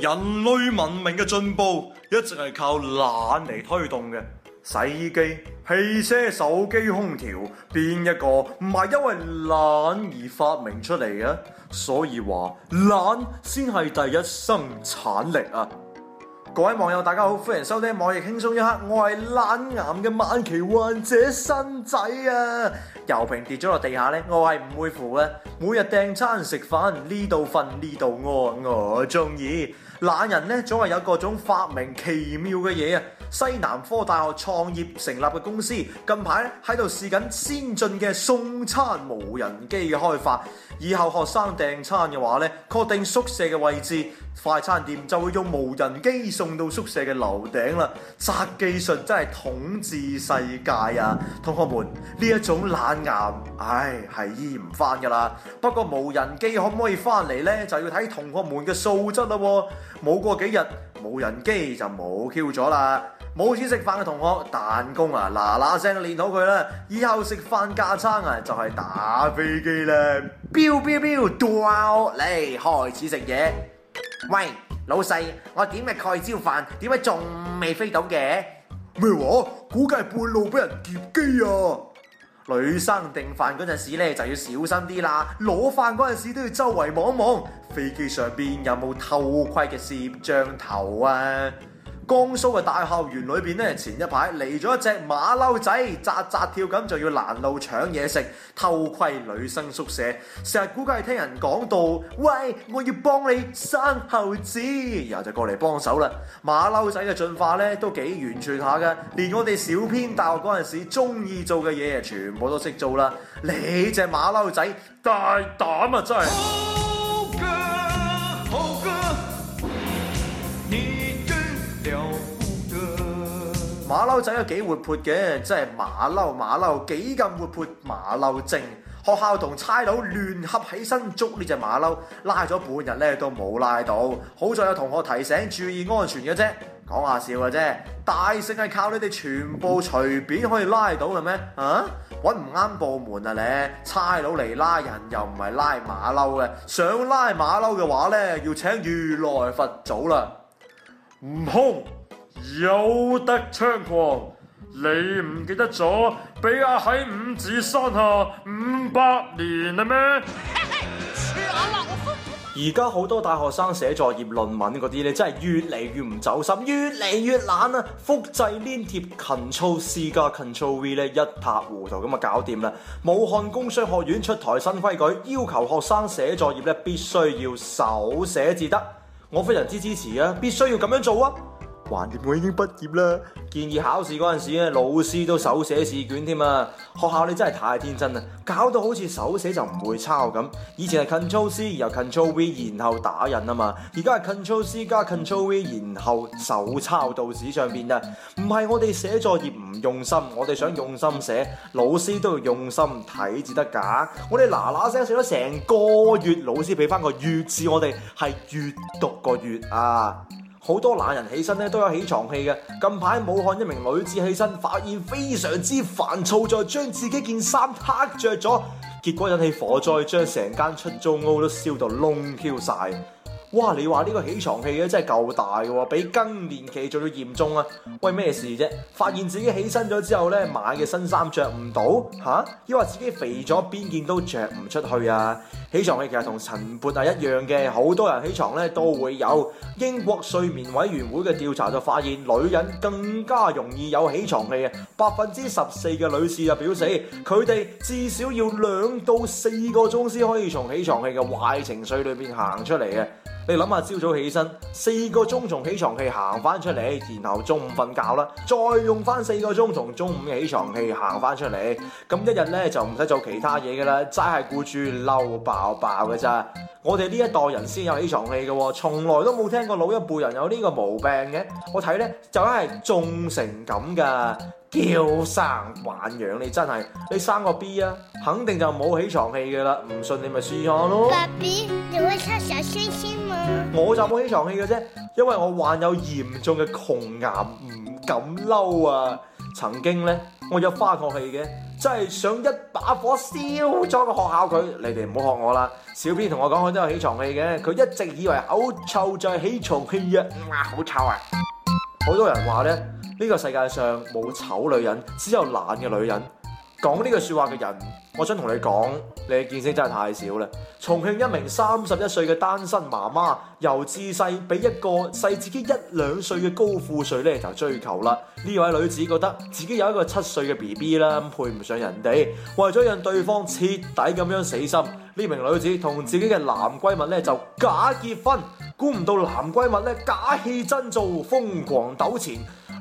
人類文明嘅進步，一直係靠懶嚟推動嘅。洗衣機、汽車、手機、空調，邊一個唔係因為懶而發明出嚟嘅？所以話懶先係第一生產力啊！各位網友大家好，歡迎收聽網易輕鬆一刻，我係懶癌嘅晚期患者新仔啊，油瓶跌咗落地下咧，我係唔會扶嘅，每日訂餐食飯，呢度瞓呢度餓，我中意懶人咧，總係有各種發明奇妙嘅嘢啊。西南科大學創業成立嘅公司，近排喺度試緊先進嘅送餐無人機嘅開發。以後學生訂餐嘅話呢，確定宿舍嘅位置，快餐店就會用無人機送到宿舍嘅樓頂啦。宅技術真係統治世界啊！同學們，呢一種懶癌，唉，係醫唔翻噶啦。不過無人機可唔可以翻嚟呢？就要睇同學們嘅素質啦。冇過幾日。無人機就冇 Q 咗啦，冇錢食飯嘅同學彈弓啊，嗱嗱聲練好佢啦，以後食飯加餐啊就係、是、打飛機啦！飆飆飆，down 嚟，開始食嘢。喂，老細，我點嘅蓋澆飯點解仲未飛到嘅？咩話？估計係半路俾人劫機啊！女生定飯嗰陣時咧，就要小心啲啦，攞飯嗰陣時都要周圍望一望，飛機上邊有冇偷窺嘅攝像頭啊？江蘇嘅大學園裏邊咧，前一排嚟咗一隻馬騮仔，扎扎跳咁就要攔路搶嘢食、偷窺女生宿舍，成日估計係聽人講到，喂，我要幫你生猴子，然後就過嚟幫手啦。馬騮仔嘅進化咧都幾完全下噶，連我哋小編大學嗰陣時中意做嘅嘢，全部都識做啦。你隻馬騮仔大膽啊，真係！啊馬騮仔啊，幾活潑嘅，真係馬騮馬騮，幾咁活潑，馬騮精。學校同差佬聯合起身捉呢隻馬騮，拉咗半日咧都冇拉到。好在有同學提醒注意安全嘅啫，講下笑嘅啫。大聖係靠你哋全部隨便可以拉到嘅咩？啊，揾唔啱部門啊你？差佬嚟拉人又唔係拉馬騮嘅，想拉馬騮嘅話咧，要請如來佛祖啦，悟空。有得猖狂，你唔記得咗俾阿喺五指山下五百年啦咩？而家好多大學生寫作業論文嗰啲咧，真係越嚟越唔走心，越嚟越懶啊！複製粘貼、Control C 加 Control V 咧，一塌糊塗咁啊，搞掂啦！武漢工商學院出台新規矩，要求學生寫作業咧必須要手寫至得，我非常之支持啊！必須要咁樣做啊！橫掂我已經畢業啦。建議考試嗰陣時咧，老師都手寫試卷添啊。學校你真係太天真啦，搞到好似手寫就唔會抄咁。以前係 control C，然後 control V，然後打印啊嘛。而家係 control C 加 control V，然後手抄到紙上邊啊。唔係我哋寫作業唔用心，我哋想用心寫，老師都要用心睇至得噶。我哋嗱嗱聲寫咗成個月，老師俾翻個月字我哋係閱讀個月啊。好多懶人起身都有起床氣嘅。近排武漢一名女子起身，發現非常之煩躁，就將自己件衫脫著咗，結果引起火災，將成間出租屋都燒到窿 Q 晒。哇！你話呢個起床氣咧真係夠大嘅，比更年期仲要嚴重啊！喂，咩事啫？發現自己起身咗之後呢，買嘅新衫着唔到嚇，又話自己肥咗，邊件都着唔出去啊！起床氣其實同晨勃係一樣嘅，好多人起床呢，都會有。英國睡眠委員會嘅調查就發現，女人更加容易有起床氣嘅，百分之十四嘅女士就表示，佢哋至少要兩到四個鐘先可以從起床氣嘅壞情緒裏面行出嚟嘅。你諗下，朝早起身四個鐘從起床氣行翻出嚟，然後中午瞓覺啦，再用翻四個鐘從中午起床氣行翻出嚟，咁一日咧就唔使做其他嘢噶啦，齋係顧住嬲爆爆㗎咋。我哋呢一代人先有起床氣嘅，從來都冇聽過老一輩人有呢個毛病嘅。我睇咧就係、是、種成咁噶，叫生還養你真係，你生個 B 啊，肯定就冇起床氣噶啦，唔信你咪試下咯。爸爸我就冇起床氣嘅啫，因為我患有嚴重嘅窮癌，唔敢嬲啊！曾經呢，我有發過氣嘅，真係想一把火燒咗個學校佢，你哋唔好學我啦。小編同我講，佢都有起床氣嘅，佢一直以為口臭就係起床氣啊！哇、嗯，好臭啊！好多人話呢，呢、呢個世界上冇醜女人，只有懶嘅女人。講呢個說話嘅人，我想同你講，你嘅見識真係太少啦！重慶一名三十一歲嘅單身媽媽，由自細俾一個細自己一兩歲嘅高富帥咧就追求啦。呢位女子覺得自己有一個七歲嘅 BB 啦，配唔上人哋，為咗讓對方徹底咁樣死心，呢名女子同自己嘅男閨蜜咧就假結婚。估唔到男閨蜜咧假戲真做，瘋狂糾纏。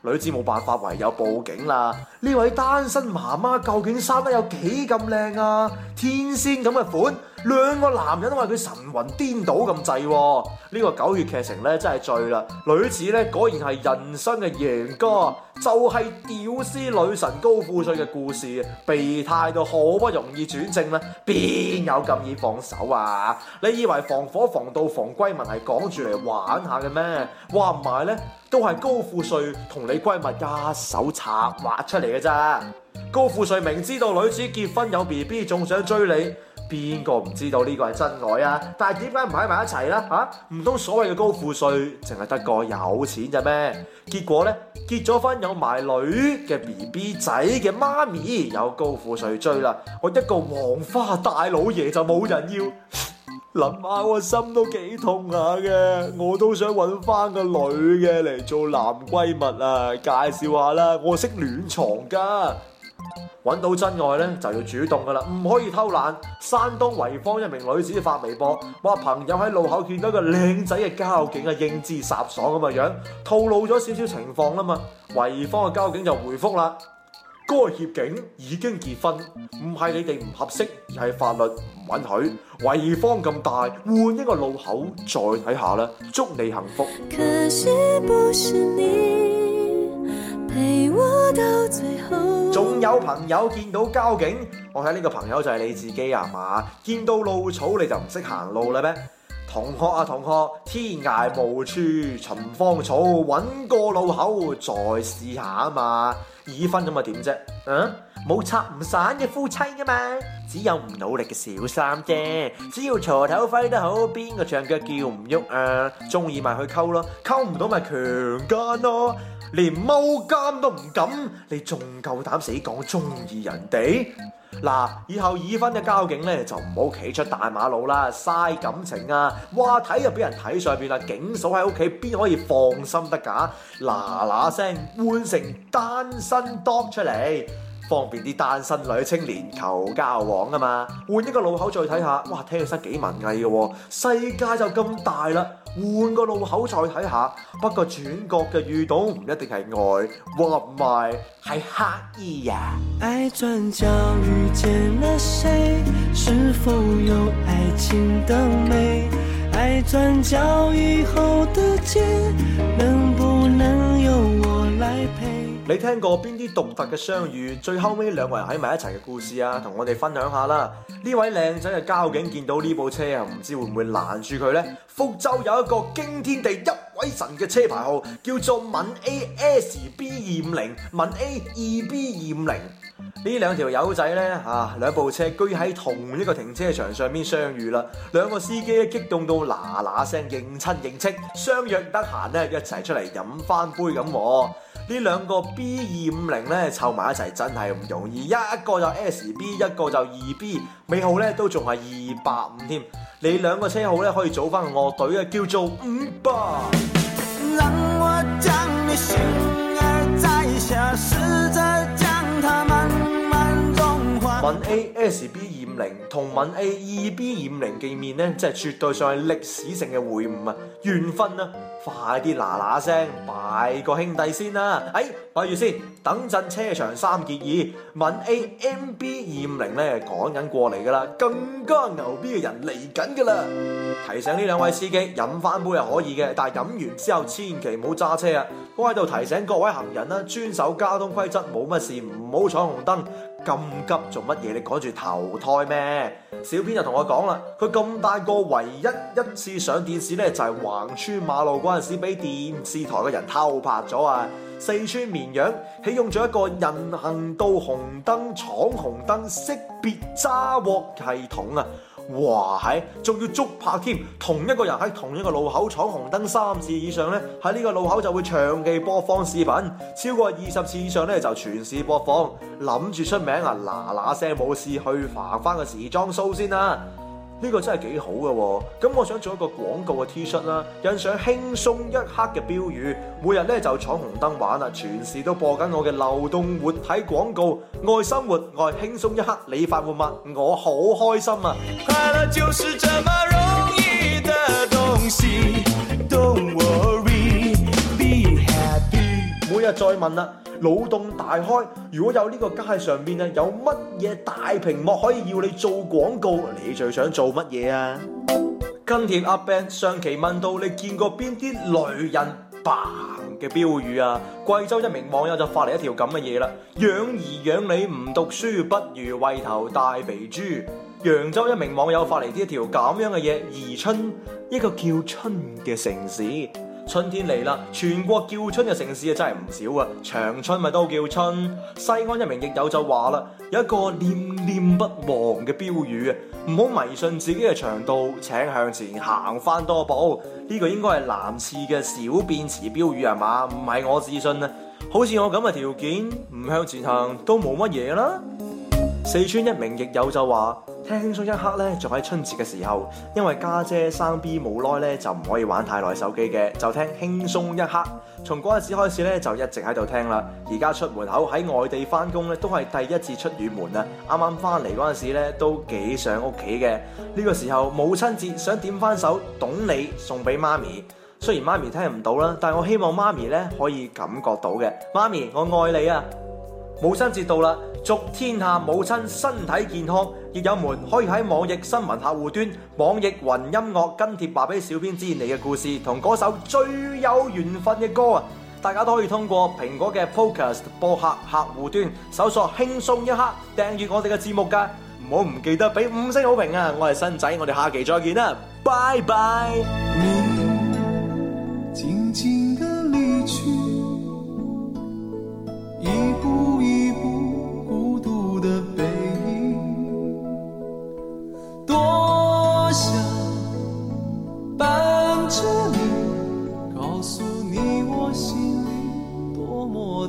女子冇辦法，唯有報警啦！呢位單身媽媽究竟生得有幾咁靚啊？天仙咁嘅款！兩個男人都話佢神魂顛倒咁滯、哦，呢、這個狗血劇情咧真係醉啦！女子咧果然係人生嘅贏家，就係屌絲女神高富帥嘅故事備胎到好不容易轉正啦，邊有咁易放手啊？你以為防火防盜防閨蜜係講住嚟玩下嘅咩？話唔埋咧，都係高富帥同你閨蜜一手策劃出嚟嘅咋？高富帥明知道女子結婚有 B B，仲想追你。邊個唔知道呢個係真愛啊？但係點解唔喺埋一齊呢、啊？吓、啊，唔通所謂嘅高富帥淨係得個有錢咋咩？結果呢，結咗婚有埋女嘅 B B 仔嘅媽咪，有高富帥追啦，我一個黃花大老爺就冇人要，諗 下我心都幾痛下嘅，我都想揾翻個女嘅嚟做男閨蜜啊！介紹下啦，我識暖床噶。揾到真愛咧就要主動噶啦，唔可以偷懶。山東濰坊一名女子發微博，話朋友喺路口見到個靚仔嘅交警啊，英姿颯爽咁嘅樣，透露咗少少情況啦嘛。濰坊嘅交警就回覆啦：該協警已經結婚，唔係你哋唔合適，而係法律唔允許。濰坊咁大，換一個路口再睇下啦，祝你幸福。可是不是你仲有朋友見到交警，我睇呢個朋友就係你自己啊嘛！見到路草你就唔識行路啦咩？同學啊同學，天涯無處尋芳草，搵個路口再試下啊嘛！已婚咁啊點啫？嗯，冇拆唔散嘅夫妻噶嘛，只有唔努力嘅小三啫。只要鋤頭揮得好，邊個牆腳叫唔喐啊？中意咪去溝咯，溝唔到咪強姦咯。連踎監都唔敢，你仲夠膽死講中意人哋？嗱，以後已婚嘅交警咧就唔好企出大馬路啦，嘥感情啊！哇，睇又俾人睇上邊啦，警嫂喺屋企邊可以放心得㗎？嗱嗱聲，換成單身 dog 出嚟。方便啲單身女青年求交往啊嘛，換一個路口再睇下，哇，聽起身幾文藝嘅喎，世界就咁大啦，換個路口再睇下，不過轉角嘅遇到唔一定係愛，或唔係係刻意呀。愛轉角，遇見了誰，是否有愛情的美，愛轉角以後的街。能你聽過邊啲獨特嘅相遇？最後尾兩個人喺埋一齊嘅故事啊，同我哋分享下啦！呢位靚仔嘅交警見到呢部車啊，唔知會唔會攔住佢咧？福州有一個驚天地泣鬼神嘅車牌號，叫做閩 A S B 二五零，閩 A 二、e、B 二五零。呢兩條友仔呢，嚇，兩、啊、部車居喺同一個停車場上面相遇啦，兩個司機激動到嗱嗱聲認親認戚，相約得閒呢，一齊出嚟飲返杯咁。呢兩個 B 二五零呢，湊埋一齊真係唔容易，一個就 SB，一個就二 B，尾號呢，都仲係二百五添。你兩個車號呢，可以組返個樂隊啊，叫做五八。嗯文 A S B 二五零同文 A 二 B 二五零見面咧，真係絕對上係歷史性嘅會晤啊！緣分啊，快啲嗱嗱聲拜個兄弟先啦、啊！哎。我住先等陣車場三結二，問 A M B 二五零咧，趕緊過嚟噶啦，更加牛逼嘅人嚟緊噶啦！提醒呢兩位司機飲翻杯係可以嘅，但係飲完之後千祈唔好揸車啊！我喺度提醒各位行人啦，遵守交通規則，冇乜事唔好闖紅燈，咁急做乜嘢？你趕住投胎咩、啊？小編就同我講啦，佢咁大個，唯一一次上電視咧就係橫穿馬路嗰陣時，俾電視台嘅人偷拍咗啊！四川綿陽啟用咗一個人行道紅燈闖紅燈識別抓獲系統啊！哇，仲要捉拍添，同一個人喺同一個路口闖紅燈三次以上呢，喺呢個路口就會長期播放視頻，超過二十次以上呢，就全市播放。諗住出名啊，嗱嗱聲冇事去罰翻個時裝 show 先啦。呢個真係幾好嘅喎。哦，咁我想做一個廣告嘅 T 恤啦，啊，印上輕鬆一刻嘅標語，每日咧就闖紅燈玩啦，全市都播緊我嘅流動活體廣告，愛生活，愛輕鬆一刻，你發唔發？我好開心啊！快樂就是這麼容易嘅東西。又再問啦，腦洞大開，如果有呢個街上邊啊，有乜嘢大屏幕可以要你做廣告？你最想做乜嘢啊？跟帖阿 Ben 上期問到你見過邊啲雷人棒嘅標語啊？貴州一名網友就發嚟一條咁嘅嘢啦，養兒養你唔讀書，不如餵頭大肥豬。揚州一名網友發嚟呢一條咁樣嘅嘢，宜春一個叫春嘅城市。春天嚟啦，全國叫春嘅城市啊，真係唔少啊！長春咪都叫春。西安一名亦友就話啦，有一個念念不忘嘅標語啊，唔好迷信自己嘅長度，請向前行翻多步。呢個應該係男士嘅小便池標語啊嘛，唔係我自信啊。好似我咁嘅條件，唔向前行都冇乜嘢啦。四川一名亦友就話：聽輕鬆一刻咧，就喺春節嘅時候，因為家姐生 B 冇耐咧，就唔可以玩太耐手機嘅，就聽輕鬆一刻。從嗰陣時開始咧，就一直喺度聽啦。而家出門口喺外地翻工咧，都係第一次出遠門啊！啱啱翻嚟嗰陣時咧，都幾想屋企嘅。呢個時候母親節想點翻首懂你送俾媽咪，雖然媽咪聽唔到啦，但係我希望媽咪咧可以感覺到嘅，媽咪我愛你啊！母親節到啦，祝天下母親身體健康！亦有門可以喺網易新聞客戶端、網易雲音樂跟帖話俾小編知你嘅故事同嗰首最有緣分嘅歌啊！大家都可以通過蘋果嘅 Podcast 播客客戶端搜索輕鬆一刻，訂閱我哋嘅節目噶，唔好唔記得俾五星好評啊！我係新仔，我哋下期再見啦，拜拜。嗯